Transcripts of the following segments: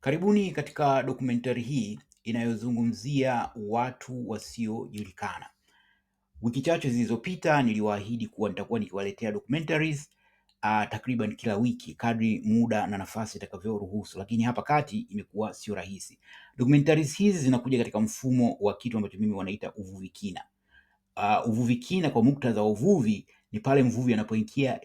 Karibuni katika dokumentari hii inayozungumzia watu wasiojulikana. Wiki chache zilizopita niliwaahidi kuwa nitakuwa nikiwaletea documentaries uh, takriban kila wiki kadri muda na nafasi itakavyoruhusu, lakini hapa kati imekuwa sio rahisi. Documentaries hizi zinakuja katika mfumo wa kitu ambacho mimi wanaita uvuvi kina. Uh, uvuvi kina kwa muktadha wa uvuvi ni pale mvuvi anapoingia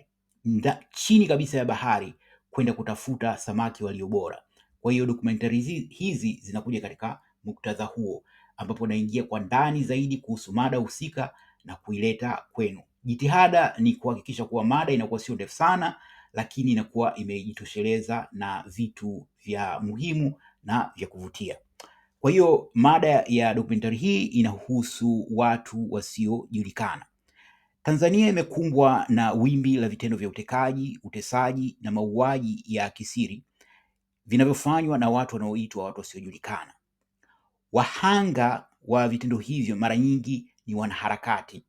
chini kabisa ya bahari kwenda kutafuta samaki walio bora. Kwa hiyo documentary hizi zinakuja katika muktadha huo, ambapo naingia kwa ndani zaidi kuhusu mada husika na kuileta kwenu. Jitihada ni kuhakikisha kuwa mada inakuwa sio ndefu sana, lakini inakuwa imejitosheleza na vitu vya muhimu na vya kuvutia. Kwa hiyo mada ya documentary hii inahusu watu wasiojulikana. Tanzania imekumbwa na wimbi la vitendo vya utekaji, utesaji na mauaji ya kisiri vinavyofanywa na watu wanaoitwa watu wasiojulikana. Wahanga wa vitendo hivyo mara nyingi ni wanaharakati,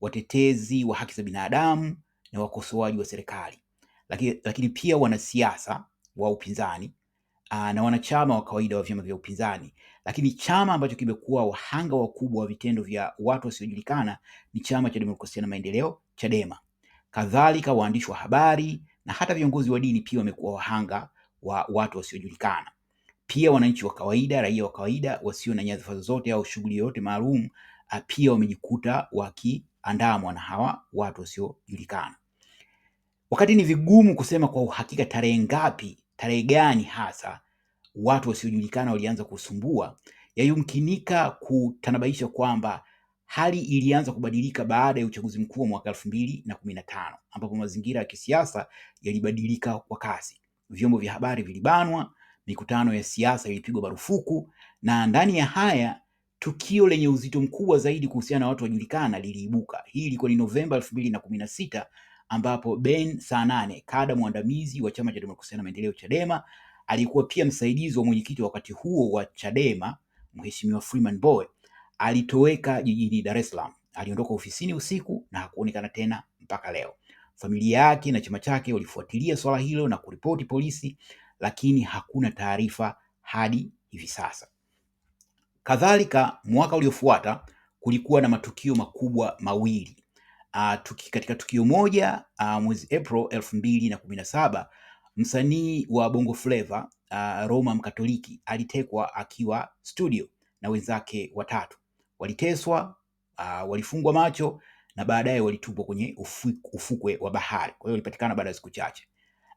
watetezi wa haki za binadamu na wakosoaji wa serikali, lakini, lakini pia wanasiasa wa upinzani na wanachama wa kawaida wa vyama vya upinzani. Lakini chama ambacho kimekuwa wahanga wakubwa wa vitendo vya watu wasiojulikana ni chama cha demokrasia na maendeleo Chadema. Kadhalika, waandishi wa habari na hata viongozi wa dini pia wamekuwa wahanga wa watu wasiojulikana. Pia wananchi wa kawaida, raia wa kawaida wasio na nyadhifa zozote au shughuli yoyote maalum, ah, pia wamejikuta wakiandamwa na hawa watu wasiojulikana. Wakati ni vigumu kusema kwa uhakika tarehe ngapi, tarehe gani hasa watu wasiojulikana walianza kusumbua, yayumkinika kutanabaisha kwamba hali ilianza kubadilika baada ya uchaguzi mkuu wa mwaka elfu mbili na kumi na tano ambapo mazingira ya kisiasa yalibadilika kwa kasi vyombo vya habari vilibanwa, mikutano ya siasa ilipigwa marufuku, na ndani ya haya tukio lenye uzito mkubwa zaidi kuhusiana na watu wajulikana liliibuka. Hii ilikuwa ni Novemba elfu mbili na kumi na sita ambapo Ben Saanane, kada mwandamizi wa chama cha demokrasia na maendeleo Chadema, alikuwa pia msaidizi wa mwenyekiti wakati huo wa Chadema Mheshimiwa Freeman Mbowe alitoweka jijini Dar es Salaam. Aliondoka ofisini usiku na hakuonekana tena mpaka leo. Familia yake na chama chake walifuatilia swala hilo na kuripoti polisi, lakini hakuna taarifa hadi hivi sasa. Kadhalika, mwaka uliofuata kulikuwa na matukio makubwa mawili. Uh, tuki, katika tukio moja uh, mwezi April elfu mbili na kumi na saba msanii wa Bongo Flava uh, Roma Mkatoliki alitekwa akiwa studio na wenzake watatu. Waliteswa, uh, walifungwa macho na baadaye walitupwa kwenye ufukwe wa bahari. Kwa hiyo walipatikana baada ya siku chache.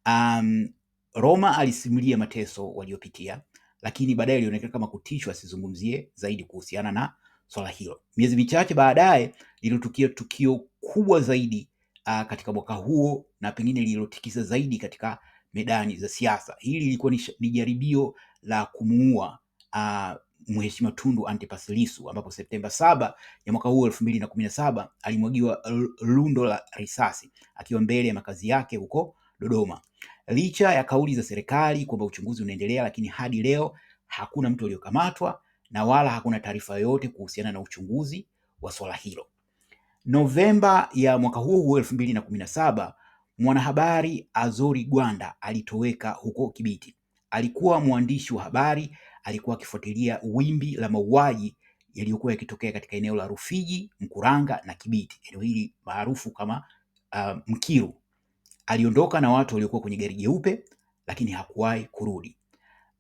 Um, Roma alisimulia mateso waliopitia, lakini baadaye alionekana kama kutishwa asizungumzie zaidi kuhusiana na swala hilo. Miezi michache baadaye lilitukia tukio kubwa zaidi uh, katika mwaka huo na pengine lililotikisa zaidi katika medani za siasa. Hili lilikuwa ni jaribio la kumuua uh, Mheshimiwa Tundu Antipas Lissu ambapo Septemba saba ya mwaka huu elfu mbili na kumi na saba alimwagiwa lundo la risasi akiwa mbele ya makazi yake huko Dodoma. Licha ya kauli za serikali kwamba uchunguzi unaendelea, lakini hadi leo hakuna mtu aliyokamatwa na wala hakuna taarifa yoyote kuhusiana na uchunguzi wa swala hilo. Novemba ya mwaka huu huu elfu mbili na kumi na saba mwanahabari Azori Gwanda alitoweka huko Kibiti. Alikuwa mwandishi wa habari alikuwa akifuatilia wimbi la mauaji yaliyokuwa yakitokea katika eneo la Rufiji, Mkuranga na Kibiti, eneo hili maarufu kama uh, Mkiru. Aliondoka na watu waliokuwa kwenye gari jeupe, lakini hakuwahi kurudi.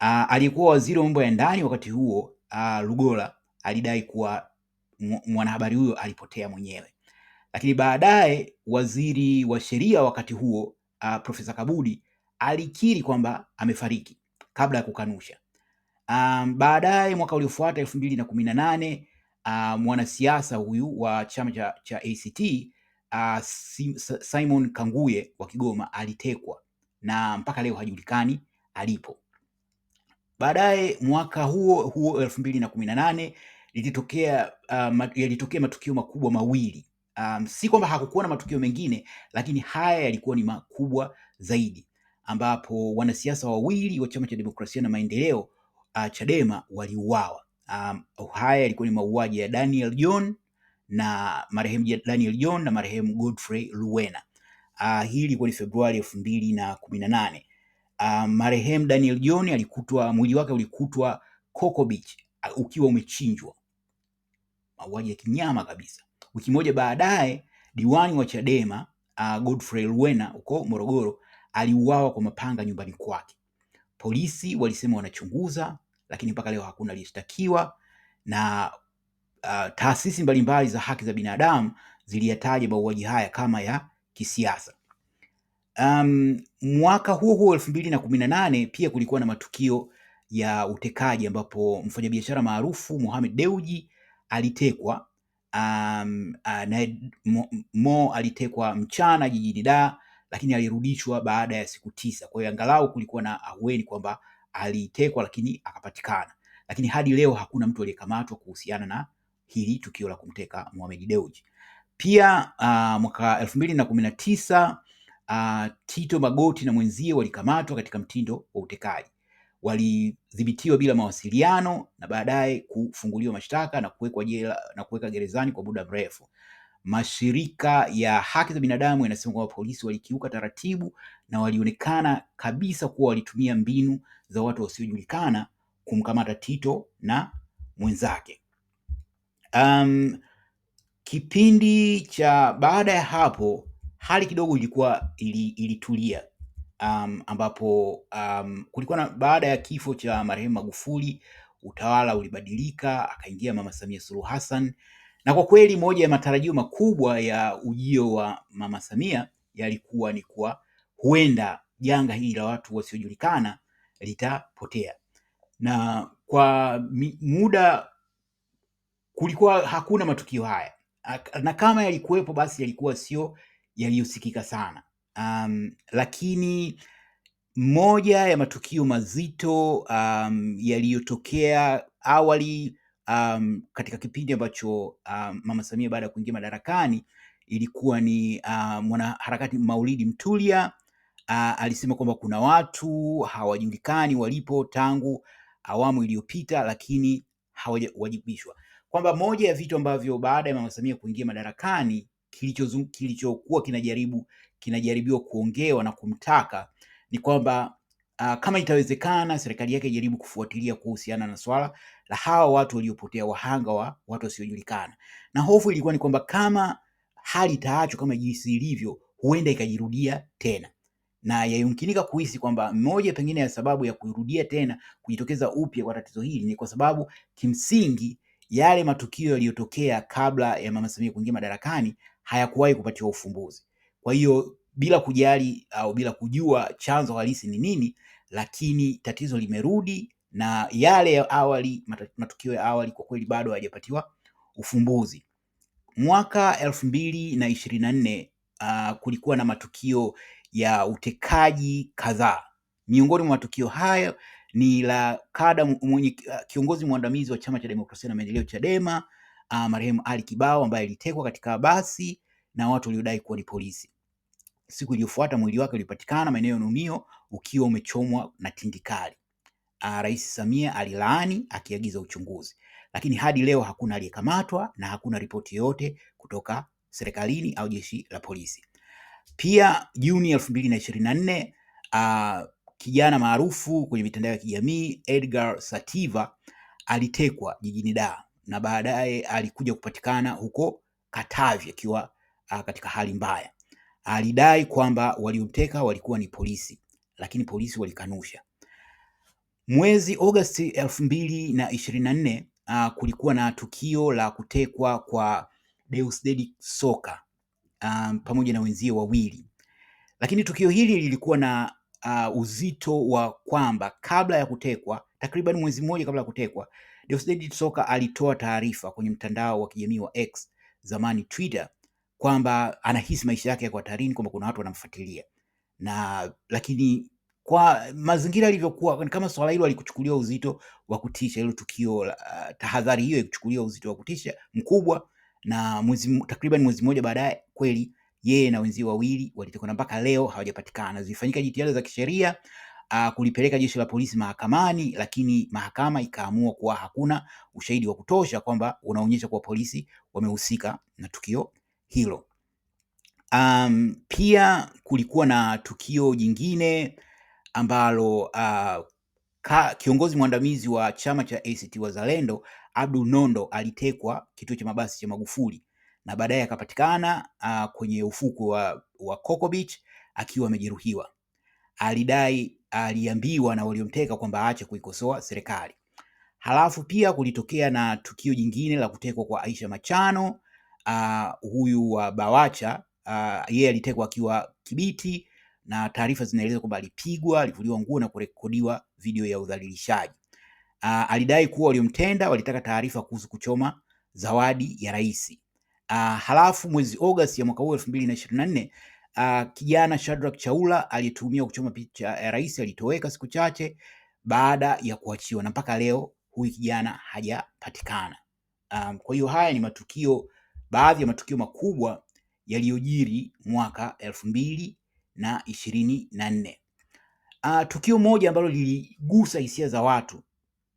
Uh, aliyekuwa waziri wa mambo ya ndani wakati huo uh, Lugola alidai kuwa mwanahabari huyo alipotea mwenyewe, lakini baadaye waziri wa sheria wakati huo uh, Profesa Kabudi alikiri kwamba amefariki kabla ya kukanusha. Um, baadaye mwaka uliofuata elfu mbili na kumi na nane uh, mwanasiasa huyu wa chama cha, cha ACT uh, Simon Kanguye wa Kigoma alitekwa na mpaka leo hajulikani alipo. Baadaye mwaka huo huo elfu mbili na kumi na nane yalitokea uh, matukio makubwa mawili. Um, si kwamba hakukuwa na matukio mengine, lakini haya yalikuwa ni makubwa zaidi, ambapo wanasiasa wawili wa chama cha demokrasia na maendeleo uh, Chadema waliuawa. Um, haya yalikuwa ni mauaji ya Daniel John na marehemu Daniel John na marehemu Godfrey Luwena. Uh, hii ilikuwa ni Februari elfu mbili na kumi na nane. Uh, marehemu Daniel John alikutwa mwili wake ulikutwa Coco Beach uh, ukiwa umechinjwa. Mauaji ya kinyama kabisa. Wiki moja baadaye diwani wa Chadema uh, Godfrey Luwena huko Morogoro aliuawa kwa mapanga nyumbani kwake. Polisi walisema wanachunguza, lakini mpaka leo hakuna aliyeshtakiwa na uh, taasisi mbalimbali za haki za binadamu ziliyataja mauaji haya kama ya kisiasa. Um, mwaka huo huo elfu mbili na kumi na nane pia kulikuwa na matukio ya utekaji ambapo mfanyabiashara maarufu Mohamed Deuji alitekwa. Um, uh, na Mo, Mo alitekwa mchana jijini Dar, lakini alirudishwa baada ya siku tisa. Kwa hiyo angalau kulikuwa na ahueni kwamba alitekwa, lakini akapatikana, lakini hadi leo hakuna mtu aliyekamatwa kuhusiana na hili tukio la kumteka Mohamed Dewji. Pia uh, mwaka elfu mbili na kumi na tisa uh, Tito Magoti na mwenzie walikamatwa katika mtindo wa utekaji, walidhibitiwa bila mawasiliano na baadaye kufunguliwa mashtaka na kuwekwa jela na kuweka gerezani kwa muda mrefu mashirika ya haki za binadamu yanasema kwamba polisi walikiuka taratibu na walionekana kabisa kuwa walitumia mbinu za watu wasiojulikana kumkamata Tito na mwenzake. Um, kipindi cha baada ya hapo hali kidogo ilikuwa ilitulia, um, ambapo um, kulikuwa na baada ya kifo cha marehemu Magufuli utawala ulibadilika, akaingia Mama Samia Suluhu Hassan na kwa kweli moja ya matarajio makubwa ya ujio wa Mama Samia yalikuwa ni kuwa huenda janga hili la watu wasiojulikana litapotea, na kwa muda kulikuwa hakuna matukio haya, na kama yalikuwepo basi yalikuwa sio yaliyosikika sana. Um, lakini moja ya matukio mazito um, yaliyotokea awali um, katika kipindi ambacho um, Mama Samia baada ya kuingia madarakani ilikuwa ni uh, mwanaharakati Maulidi Mtulia uh, alisema kwamba kuna watu hawajulikani walipo tangu awamu iliyopita, lakini hawajawajibishwa, kwamba moja ya vitu ambavyo baada ya Mama Samia kuingia madarakani kilichokuwa kilicho kinajaribu kinajaribiwa kuongewa na kumtaka ni kwamba uh, kama itawezekana, serikali yake ijaribu kufuatilia kuhusiana na swala la hawa watu waliopotea, wahanga wa watu wasiojulikana, na hofu ilikuwa ni kwamba kama hali itaachwa kama jinsi ilivyo, huenda ikajirudia tena na yayumkinika kuhisi kwamba moja pengine ya sababu ya kurudia tena kujitokeza upya kwa tatizo hili ni kwa sababu kimsingi yale matukio yaliyotokea kabla ya Mama Samia kuingia madarakani hayakuwahi kupatiwa ufumbuzi. Kwa hiyo bila kujali au bila kujua chanzo halisi ni nini, lakini tatizo limerudi na yale ya awali, matukio ya awali kwa kweli bado hayajapatiwa ufumbuzi. Mwaka elfu mbili na ishirini na nne uh, kulikuwa na matukio ya utekaji kadhaa. Miongoni mwa matukio hayo ni la kada mwenye ah, kiongozi mwandamizi wa Chama cha Demokrasia na Maendeleo Chadema, uh, marehemu Ali Kibao ambaye alitekwa katika basi na watu waliodai kuwa ni polisi. Siku iliyofuata mwili wake ulipatikana maeneo ya nunio ukiwa umechomwa na tindikali. Ah, Rais Samia alilaani akiagiza uchunguzi, lakini hadi leo hakuna aliyekamatwa na hakuna ripoti yoyote kutoka serikalini au jeshi la polisi. Pia Juni elfu mbili na ishirini na nne uh, kijana maarufu kwenye mitandao ya kijamii Edgar Sativa alitekwa jijini Dar na baadaye alikuja kupatikana huko Katavi akiwa uh, katika hali mbaya alidai kwamba waliomteka walikuwa ni polisi, lakini polisi walikanusha. Mwezi Agosti elfu mbili na ishirini na nne uh, kulikuwa na tukio la kutekwa kwa Deusdedith Soka um, pamoja na wenzie wawili, lakini tukio hili lilikuwa na uh, uzito wa kwamba kabla ya kutekwa, takriban mwezi mmoja kabla ya kutekwa, Deusdedith Soka alitoa taarifa kwenye mtandao wa kijamii wa X, zamani Twitter, kwamba anahisi maisha yake yako hatarini, kwamba kuna watu wanamfuatilia na lakini kwa mazingira yalivyokuwa, kama swala hilo alikuchukulia uzito wa kutisha, hilo tukio uh, tahadhari hiyo ikuchukulia uzito wa kutisha mkubwa, na mwezi takriban mwezi mmoja baadaye kweli yeye na wenzi wawili walitekwa mpaka leo hawajapatikana. Zilifanyika jitihada za kisheria uh, kulipeleka jeshi la polisi mahakamani, lakini mahakama ikaamua kuwa hakuna ushahidi wa kutosha kwamba unaonyesha kuwa polisi wamehusika na tukio hilo. Um, pia kulikuwa na tukio jingine ambalo uh, ka, kiongozi mwandamizi wa chama cha ACT Wazalendo Abdul Nondo alitekwa kituo cha mabasi cha Magufuli na baadaye akapatikana uh, kwenye ufukwe wa, wa Coco Beach akiwa amejeruhiwa. Alidai aliambiwa na waliomteka kwamba aache kuikosoa serikali. Halafu pia kulitokea na tukio jingine la kutekwa kwa Aisha Machano uh, huyu wa uh, Bawacha uh, yeye alitekwa akiwa Kibiti na taarifa zinaeleza kwamba alipigwa, alivuliwa nguo na kurekodiwa video ya udhalilishaji. Uh, alidai kuwa waliomtenda walitaka taarifa kuhusu kuchoma zawadi ya rais. Uh, halafu mwezi Agosti ya mwaka huu elfu mbili na ishirini na nne uh, kijana Shadrack Chaula aliyetumia kuchoma picha ya rais alitoweka siku chache baada ya kuachiwa na mpaka leo huyu kijana hajapatikana. Um, kwa hiyo haya ni matukio baadhi ya matukio makubwa yaliyojiri mwaka elfu mbili na ishirini na nne. Uh, tukio moja ambalo liligusa hisia za watu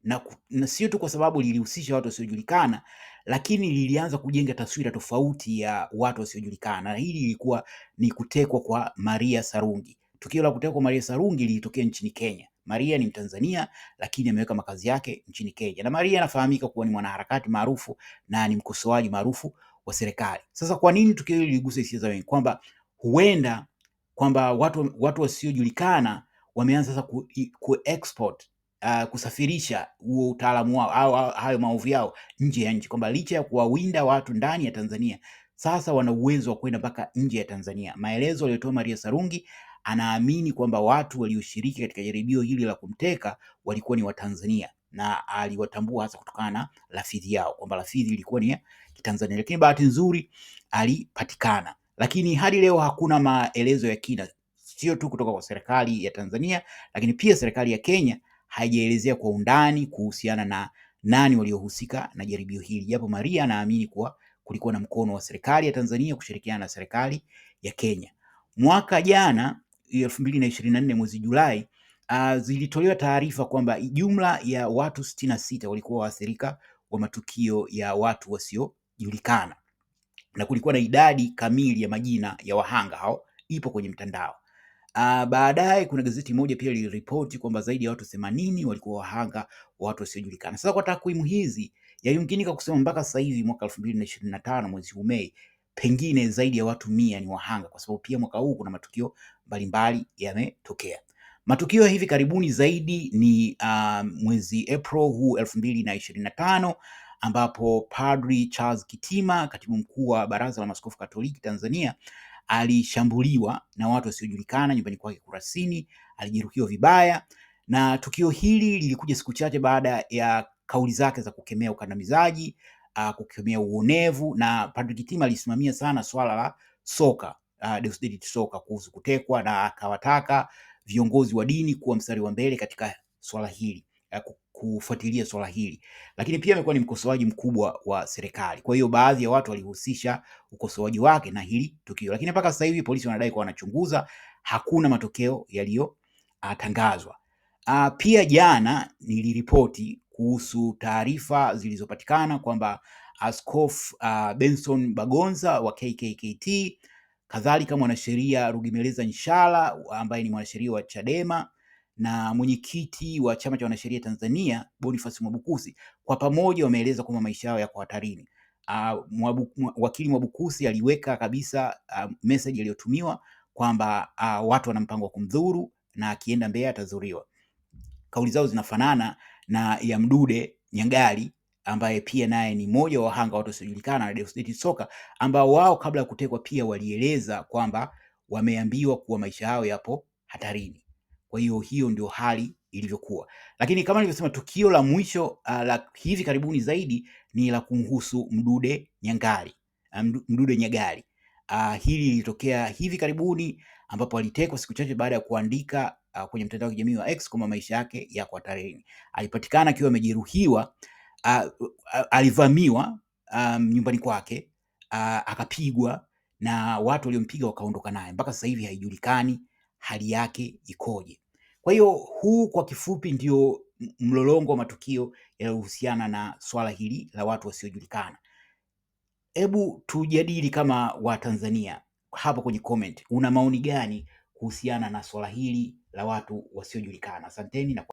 na, na sio tu kwa sababu lilihusisha watu wasiojulikana, lakini lilianza kujenga taswira tofauti ya watu wasiojulikana, na hili lilikuwa ni kutekwa kwa Maria Sarungi. Tukio la kutekwa kwa Maria Sarungi lilitokea nchini Kenya. Maria ni Mtanzania lakini ameweka makazi yake nchini Kenya, na Maria anafahamika kuwa ni mwanaharakati maarufu na ni mkosoaji maarufu wa serikali. Sasa kwa nini tukio hili liligusa hisia za wengi? Kwamba huenda kwamba watu, watu wasiojulikana wameanza sasa ku, ku export uh, kusafirisha huo utaalamu wao au hayo maovu yao nje ya nchi, kwamba licha ya kuwawinda watu ndani ya Tanzania sasa wana uwezo wa kwenda mpaka nje ya Tanzania. Maelezo aliyotoa Maria Sarungi, anaamini kwamba watu walioshiriki katika jaribio hili la kumteka walikuwa ni Watanzania na aliwatambua hasa kutokana na lafidhi yao, kwamba lafidhi ilikuwa ni Tanzania, lakini bahati nzuri alipatikana, lakini hadi leo hakuna maelezo ya kina, sio tu kutoka kwa serikali ya Tanzania, lakini pia serikali ya Kenya haijaelezea kwa undani kuhusiana na nani waliohusika na jaribio hili, japo Maria anaamini kuwa kulikuwa na mkono wa serikali ya Tanzania kushirikiana na serikali ya Kenya. Mwaka jana elfu mbili na na nne mwezi Julai, uh, zilitolewa taarifa kwamba jumla ya watu sitini na sita walikuwa waathirika wa matukio ya watu wasio yaliyojulikana na kulikuwa na idadi kamili ya majina ya wahanga hao ipo kwenye mtandao. Uh, baadaye kuna gazeti moja pia liliripoti kwamba zaidi ya watu themanini walikuwa wahanga wa watu wasiojulikana. Sasa kwa takwimu hizi yayumkinika kusema mpaka sasa hivi mwaka elfu mbili na ishirini na tano mwezi huu Mei, pengine zaidi ya watu mia ni wahanga, kwa sababu pia mwaka huu kuna matukio mbalimbali yametokea. Matukio ya hivi karibuni zaidi ni uh, mwezi April huu elfu mbili na ishirini na tano ambapo Padri Charles Kitima, katibu mkuu wa Baraza la Maaskofu Katoliki Tanzania, alishambuliwa na watu wasiojulikana nyumbani kwake Kurasini, alijeruhiwa vibaya, na tukio hili lilikuja siku chache baada ya kauli zake za kukemea ukandamizaji, uh, kukemea uonevu, na Padri Kitima alisimamia sana swala la soka, uh, Deusdedit soka kuhusu kutekwa, na akawataka viongozi wa dini kuwa mstari wa mbele katika swala hili, uh, kufuatilia swala hili, lakini pia amekuwa ni mkosoaji mkubwa wa serikali. Kwa hiyo baadhi ya watu walihusisha ukosoaji wake na hili tukio, lakini mpaka sasa hivi polisi wanadai kuwa wanachunguza, hakuna matokeo yaliyotangazwa. Uh, pia jana niliripoti kuhusu taarifa zilizopatikana kwamba Askofu uh, Benson Bagonza wa KKKT kadhalika mwanasheria Rugemeleza Nshala ambaye ni mwanasheria wa Chadema na mwenyekiti wa Chama cha Wanasheria Tanzania Boniface Mwabukusi, kwa pamoja wameeleza kwamba maisha yao yako hatarini. Uh, mwabu, wakili Mwabukusi aliweka kabisa uh, message iliyotumiwa kwamba uh, watu wana mpango wa kumdhuru na akienda Mbeya atadhuriwa. Kauli zao zinafanana na ya Mdude Nyagali ambaye pia naye ni mmoja wa wahanga watu wasiojulikana na Deusdedith Soka ambao wao kabla ya kutekwa pia walieleza kwamba wameambiwa kuwa maisha yao yapo hatarini. Kwa hiyo hiyo ndio hali ilivyokuwa, lakini kama nilivyosema, tukio la mwisho uh, la hivi karibuni zaidi ni la kumhusu Mdude Nyangari uh, ah, Mdude Nyagali uh, hili lilitokea hivi karibuni ambapo alitekwa siku chache baada ya kuandika uh, kwenye mtandao wa kijamii wa X kwamba maisha yake yako hatarini. Alipatikana akiwa amejeruhiwa uh, alivamiwa um, nyumbani kwake uh, akapigwa na watu waliompiga wakaondoka naye. Mpaka sasa hivi haijulikani hali yake ikoje. Kwa hiyo huu kwa kifupi ndio mlolongo wa matukio yanayohusiana na swala hili la watu wasiojulikana. Hebu tujadili kama Watanzania hapa kwenye comment, una maoni gani kuhusiana na swala hili la watu wasiojulikana? Asanteni na